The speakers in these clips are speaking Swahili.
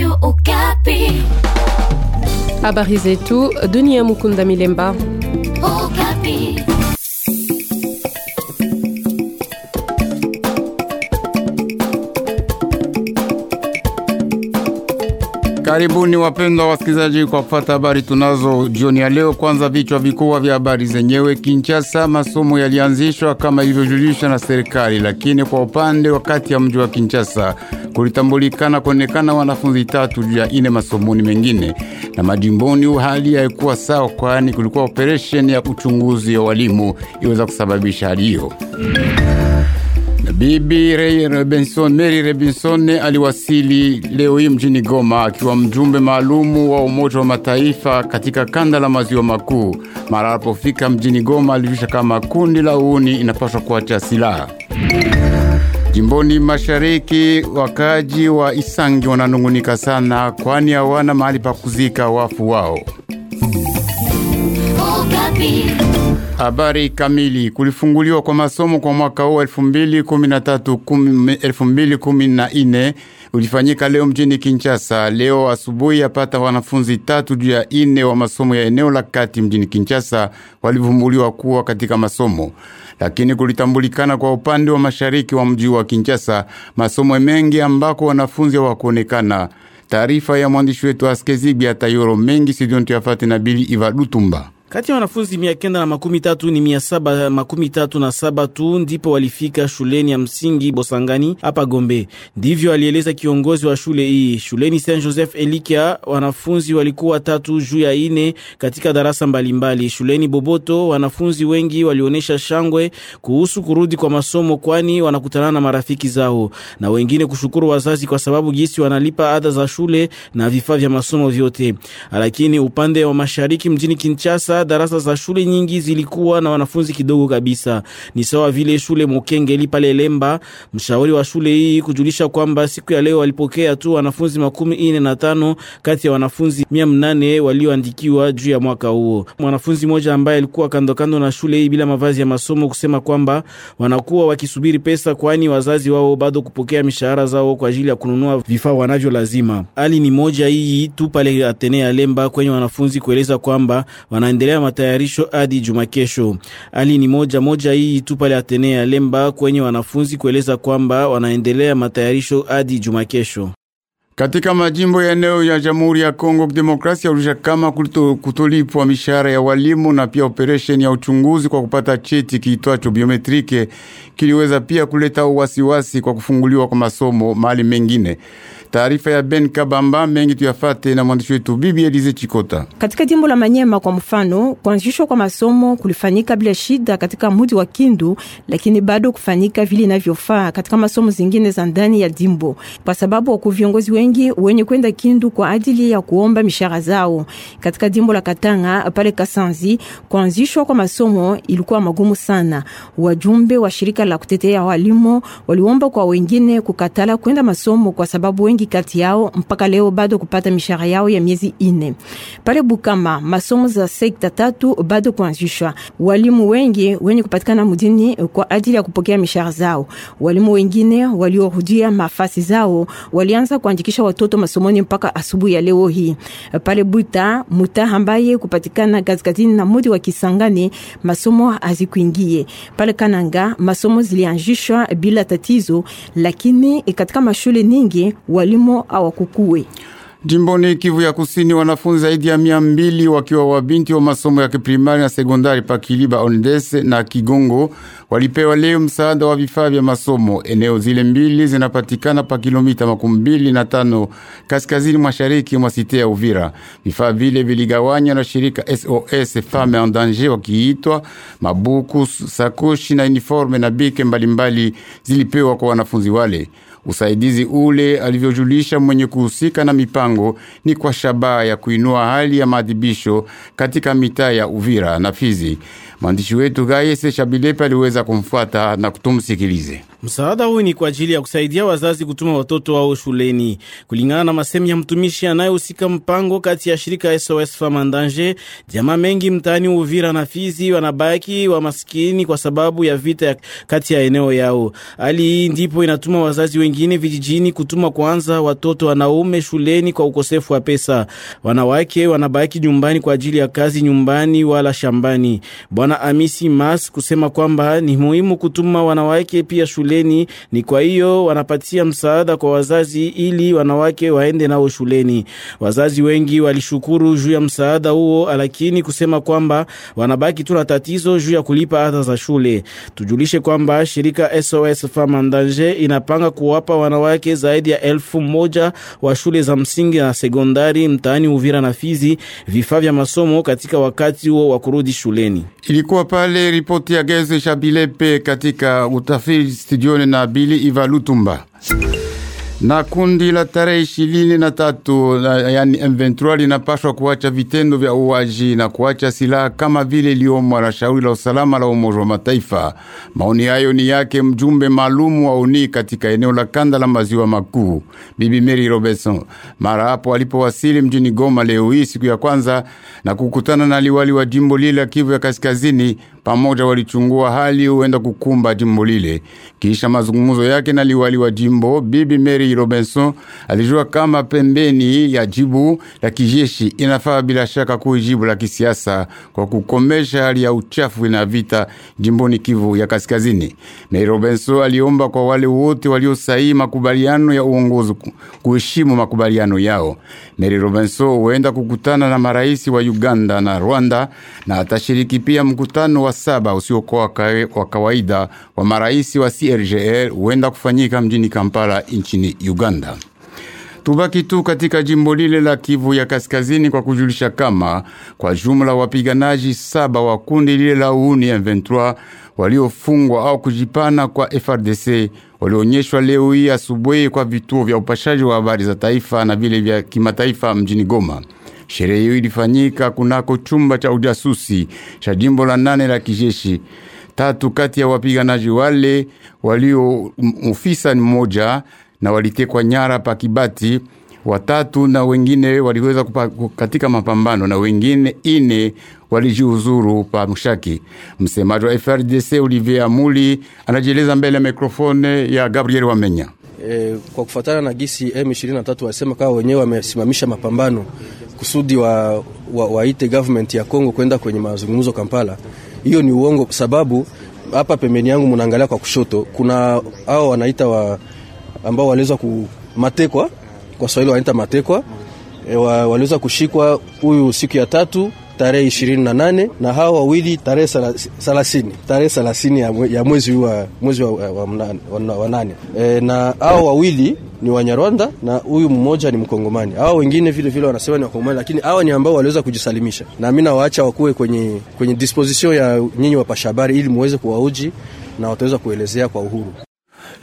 Radio Okapi. Habari tout denis Mukunda Milemba. Karibuni wapendwa wasikilizaji kwa kufata habari tunazo jioni ya leo. Kwanza vichwa vikubwa vya habari zenyewe. Kinshasa, masomo yalianzishwa kama ilivyojulishwa na serikali, lakini kwa upande wa kati ya mji wa Kinshasa kulitambulikana kuonekana wanafunzi tatu juu ya ine masomoni mengine. Na majimboni hali haikuwa sawa, kwani kulikuwa operesheni ya uchunguzi wa walimu iweza kusababisha hali hiyo. Bibi Rey Robinson, Mary Robinson aliwasili leo hii mjini Goma akiwa mjumbe maalumu wa Umoja wa Mataifa katika kanda la maziwa makuu. Mara alipofika mjini Goma alivisha kama kundi la uuni inapaswa kuacha silaha. Jimboni mashariki, wakaji wa Isangi wananungunika sana, kwani hawana mahali pa kuzika wafu wao. Habari kamili. Kulifunguliwa kwa masomo kwa mwaka huu 2013 2014 ulifanyika leo mjini Kinshasa. Leo asubuhi, yapata wanafunzi tatu juu ya ine wa masomo ya eneo la kati mjini Kinshasa walivumbuliwa kuwa katika masomo, lakini kulitambulikana kwa upande wa mashariki wa mji wa Kinshasa masomo mengi ambako wanafunzi hawakuonekana. Taarifa ya mwandishi wetu askezibi Tayoro mengi sidontu na Bili Iva Lutumba. Kati ya wanafunzi mia kenda na makumi tatu ni mia saba makumi tatu na saba tu ndipo walifika shuleni ya msingi Bosangani hapa Gombe. Ndivyo alieleza kiongozi wa shule hii. Shuleni Saint Joseph Elikia wanafunzi walikuwa tatu juu ya ine katika darasa mbalimbali mbali. Shuleni Boboto wanafunzi wengi walionyesha shangwe kuhusu kurudi kwa masomo, kwani wanakutana na marafiki zao na wengine kushukuru wazazi kwa sababu gisi wanalipa ada za shule na vifaa vya masomo vyote. Lakini upande wa mashariki mjini Kinshasa darasa za shule nyingi zilikuwa na wanafunzi kidogo kabisa, ni sawa vile shule Mokengeli pale Lemba. Mshauri wa shule hii kujulisha kwamba siku ya leo walipokea tu wanafunzi makumi ine na tano kati ya wanafunzi mia mnane walioandikiwa juu ya mwaka huo. Mwanafunzi mmoja ambaye alikuwa kando kando na shule hii bila mavazi ya masomo kusema kwamba wanakuwa wakisubiri pesa, kwani wazazi wao bado kupokea mishahara zao kwa ajili ya kununua vifaa wanavyo lazima. Hali ni moja hii tu pale Atenea Lemba kwenye wanafunzi kueleza kwamba wanaendelea kuendelea matayarisho hadi Jumakesho. Hali ni moja moja hii tu pale Atenea Lemba kwenye wanafunzi kueleza kwamba wanaendelea matayarisho hadi Jumakesho. Katika majimbo ya eneo ya Jamhuri ya Kongo Demokrasia urusha kama kutolipwa mishahara ya walimu na pia operesheni ya uchunguzi kwa kupata cheti kiitwacho biometrike kiliweza pia kuleta uwasiwasi kwa kufunguliwa kwa masomo mahali mengine. Taarifa ya Ben Kabamba mengi tuyafate na mwandishi wetu Bibi Elize Chikota. Katika jimbo la Manyema kwa mfano, kuanzishwa kwa masomo kulifanyika bila shida katika mji wa Kindu, lakini bado kufanyika vile inavyofaa katika masomo zingine za ndani ya jimbo, kwa sababu wako viongozi wengi wenye kwenda Kindu kwa ajili ya kuomba mishahara zao. Katika jimbo la Katanga pale Kasanzi, kuanzishwa kwa masomo ilikuwa magumu sana. Wajumbe wa shirika la kutetea walimu waliomba kwa wengine kukatala kwenda masomo kwa sababu wengi wengi kati yao mpaka leo bado kupata mishahara yao ya miezi ine. Pale Bukama, masomo za sekta tatu bado kuanzishwa. Walimu wengi wenye kupatikana mjini kwa ajili ya kupokea mishahara zao. Walimu wengine waliorudia mafasi zao walianza kuandikisha watoto masomoni mpaka asubuhi ya leo hii. Pale Buta, muta ambaye kupatikana kaskazini na mudi wa Kisangani, masomo hazikuingie. Pale Kananga, masomo zilianzishwa bila tatizo, lakini katika mashule nyingi wali walimo awakukue. Jimboni Kivu ya Kusini, wanafunzi zaidi ya mia mbili wakiwa wabinti wa masomo ya kiprimari na sekondari pa Kiliba, Ondese na Kigongo walipewa leo msaada wa vifaa vya masomo. Eneo zile mbili zinapatikana pa kilomita makumi mbili na tano kaskazini mashariki mwa site ya Uvira. Vifaa vile viligawanywa na shirika SOS Femme en Danger, wakiitwa mabuku, sakoshi na uniforme na bike mbalimbali mbali zilipewa kwa wanafunzi wale. Usaidizi ule, alivyojulisha mwenye kuhusika na mipango, ni kwa shabaha ya kuinua hali ya maadhibisho katika mitaa ya Uvira na Fizi. Mwandishi wetu Gayese Shabilepe aliweza kumfuata na kutumsikilize. Msaada huu ni kwa ajili ya kusaidia wazazi kutuma watoto wao shuleni, kulingana na masemi ya mtumishi anayehusika mpango kati ya shirika SOS Fama Ndanje. Jamaa mengi mtaani Uvira na Fizi wanabaki wa maskini kwa sababu ya vita ya kati ya eneo yao. Hali hii ndipo inatuma wazazi wengine vijijini kutuma kwanza watoto wanaume shuleni kwa ukosefu wa pesa. Wanawake wanabaki nyumbani kwa ajili ya kazi nyumbani wala shambani. Bwana Amisi Mas kusema kwamba ni muhimu kutuma wanawake pia shuleni shuleni. Ni kwa hiyo wanapatia msaada kwa wazazi ili wanawake waende nao shuleni. Wazazi wengi walishukuru juu ya msaada huo, lakini kusema kwamba wanabaki tu na tatizo juu ya kulipa ada za shule. Tujulishe kwamba shirika SOS Femme en Danger inapanga kuwapa wanawake zaidi ya elfu moja wa shule za msingi na sekondari mtaani Uvira na Fizi vifaa vya masomo katika wakati huo wa kurudi shuleni. Ilikuwa pale ripoti ya Geze Shabilepe katika utafiti studioni na Bili Iva Lutumba na kundi la tarehe ishirini na tatu yani M23 linapaswa kuacha vitendo vya uwaji na kuacha silaha kama vile liomwa na shauri la usalama la Umoja wa Mataifa. Maoni hayo ni yake mjumbe maalumu wa UNI katika eneo la kanda la maziwa makuu, Bibi Mary Robertson, mara hapo alipowasili mjini Goma leo hii siku ya kwanza na kukutana na liwali wa jimbo lile la Kivu ya Kaskazini pamoja walichungua hali huenda kukumba jimbo lile. Kisha mazungumzo yake na liwali wa jimbo Bibi Mary Robinson alijua kama pembeni ya jibu la kijeshi inafaa bila shaka kuwa jibu la kisiasa kwa kukomesha hali ya uchafu na vita jimboni Kivu ya Kaskazini. Mary Robinson aliomba kwa wale wote waliosaini makubaliano ya uongozi kuheshimu makubaliano yao. Mary Robinson huenda kukutana na marais wa Uganda na Rwanda na atashiriki pia mkutano wa wa saba usiokuwa wa kawaida wa marais wa CRGL huenda kufanyika mjini Kampala nchini Uganda. Tubaki tu katika jimbo lile la Kivu ya Kaskazini kwa kujulisha kama kwa jumla wapiganaji saba wa kundi lile la uuni M23 waliofungwa au kujipana kwa FRDC walionyeshwa leo hii asubuhi kwa vituo vya upashaji wa habari za taifa na vile vya kimataifa mjini Goma. Sherehe hiyo ilifanyika kunako chumba cha ujasusi cha jimbo la nane la kijeshi. Tatu kati ya wapiganaji wale walio ofisa mmoja na walitekwa nyara pakibati watatu na wengine waliweza katika mapambano na wengine ine walijiuzuru pa mshaki. Msemaji wa FRDC Olivier Amuli anajieleza mbele ya mikrofone ya Gabriel Wamenya. E, kwa kufuatana na gisi M23 wasema kama wenyewe wamesimamisha mapambano kusudi wa, wa, waite government ya Kongo kwenda kwenye mazungumzo Kampala. Hiyo ni uongo, sababu hapa pembeni yangu mnaangalia kwa kushoto kuna hao wanaita wa, ambao waliweza kumatekwa kwa Swahili wanaita matekwa e, wa, waliweza kushikwa huyu siku ya tatu tarehe ishirini na hao wawili tarehe 30 tarehe 30 ya mwezi wa mwezi wa, wa, wa, wa nane e, na hao wawili ni Wanyarwanda na huyu mmoja ni Mkongomani. Hao wengine vile vile wanasema ni Wakongomani, lakini hawa ni ambao waliweza kujisalimisha, na mi nawaacha wakuwe kwenye, kwenye disposition ya nyinyi wapasha habari ili muweze kuwauji na wataweza kuelezea kwa uhuru.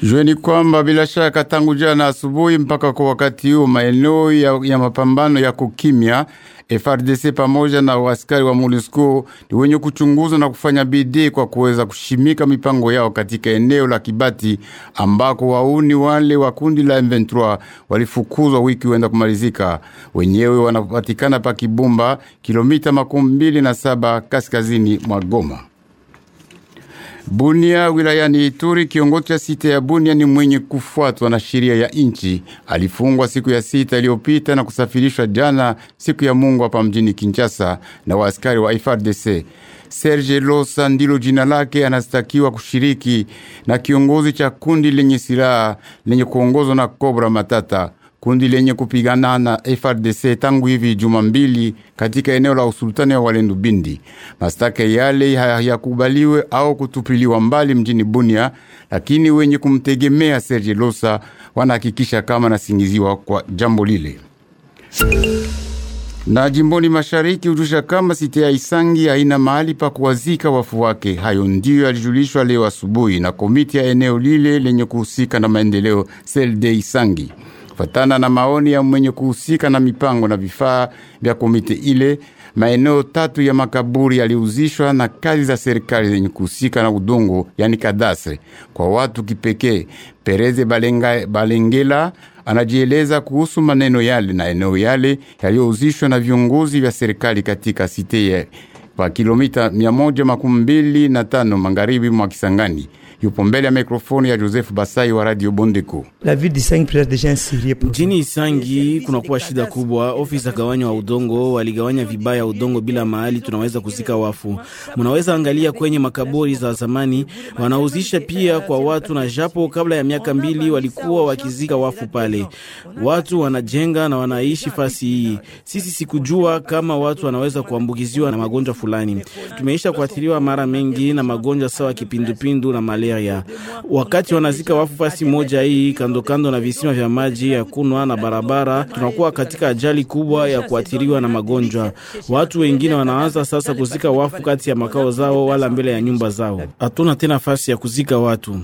Jueni kwamba bila shaka tangu jana asubuhi mpaka kwa wakati huu maeneo ya, ya mapambano ya kukimya FRDC pamoja na askari wa MONUSCO ni wenye kuchunguza na kufanya bidii kwa kuweza kushimika mipango yao katika eneo la Kibati ambako wauni wale wa kundi la M23 walifukuzwa wiki wenda kumalizika. Wenyewe wanapatikana pa Kibumba, kilomita makumi mbili na saba kaskazini mwa Goma. Bunia wilayani Ituri, kiongozi wa site ya Bunia ni mwenye kufuatwa na sheria ya nchi. Alifungwa siku ya sita iliyopita na kusafirishwa jana siku ya Mungu hapa mjini Kinshasa na waaskari wa FARDC. Serge Losa ndilo jina lake, anastakiwa kushiriki na kiongozi cha kundi lenye silaha lenye kuongozwa na Cobra Matata kundi lenye kupigana na FRDC tangu hivi juma mbili katika eneo la usultani wa Walendu Bindi. Mastaka yale hayakubaliwe au kutupiliwa mbali mjini Bunia, lakini wenye kumtegemea Serge Losa wanahakikisha kama nasingiziwa kwa jambo lile na jimboni mashariki hujusha kama site ya Isangi haina mahali pa kuwazika wafu wake. Hayo ndiyo yalijulishwa leo asubuhi na komiti ya eneo lile lenye kuhusika na maendeleo selde Isangi. Kufatana na maoni ya mwenye kuhusika na mipango na vifaa vya komite ile, maeneo tatu ya makaburi yaliuzishwa na kazi za serikali zenye kuhusika na udongo, yani kadastre, kwa watu kipekee. Pereze Balenga, Balengela anajieleza kuhusu maneno yale na eneo yale yaliyouzishwa na viongozi vya serikali katika site ya kwa kilomita 125 magharibi mwa Kisangani yupo mbele ya mikrofoni ya Joseph Basai wa Radio Bondeko. Mjini Isangi kunakuwa shida kubwa, ofisa gawanyo wa udongo waligawanya vibaya udongo bila mahali tunaweza kuzika wafu. Mnaweza angalia kwenye makaburi za zamani, wanauzisha pia kwa watu, na japo kabla ya miaka mbili walikuwa wakizika wafu pale. Watu wanajenga na wanaishi fasi hii. Sisi sikujua kama watu wanaweza kuambukiziwa na magonjwa fulani. Tumeisha kuathiriwa mara mengi na magonjwa sawa kipindupindu na malaria malaria. Wakati wanazika wafu fasi moja hii kando kando na visima vya maji ya kunwa na barabara, tunakuwa katika ajali kubwa ya kuathiriwa na magonjwa. Watu wengine wanaanza sasa kuzika wafu kati ya makao zao wala mbele ya nyumba zao. Hatuna tena fasi ya kuzika watu.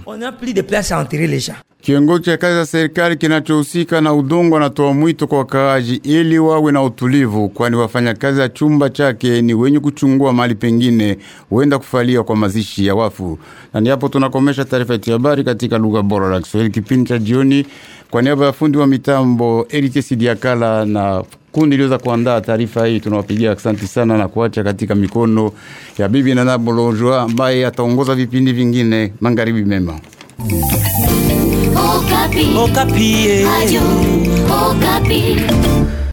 Kiongozi cha kazi za serikali kinachohusika na udongo anatoa mwito kwa wakaaji ili wawe na utulivu, kwani wafanyakazi ya chumba chake ni wenye kuchungua mali pengine huenda kufalia kwa mazishi ya wafu. Na hapo tuna tunakomesha taarifa yetu ya habari katika lugha bora la Kiswahili kipindi cha jioni. Kwa niaba ya fundi wa mitambo Elitesi Diakala na kundi iliweza kuandaa taarifa hii, tunawapigia asante sana na kuacha katika mikono ya bibi Nana Bolonjwa ambaye ataongoza vipindi vingine. Magharibi mema. Okapi. Oh, Okapi. Oh, eh. Ayu, Okapi. Oh,